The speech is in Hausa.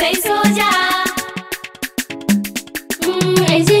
sai soja. Mm,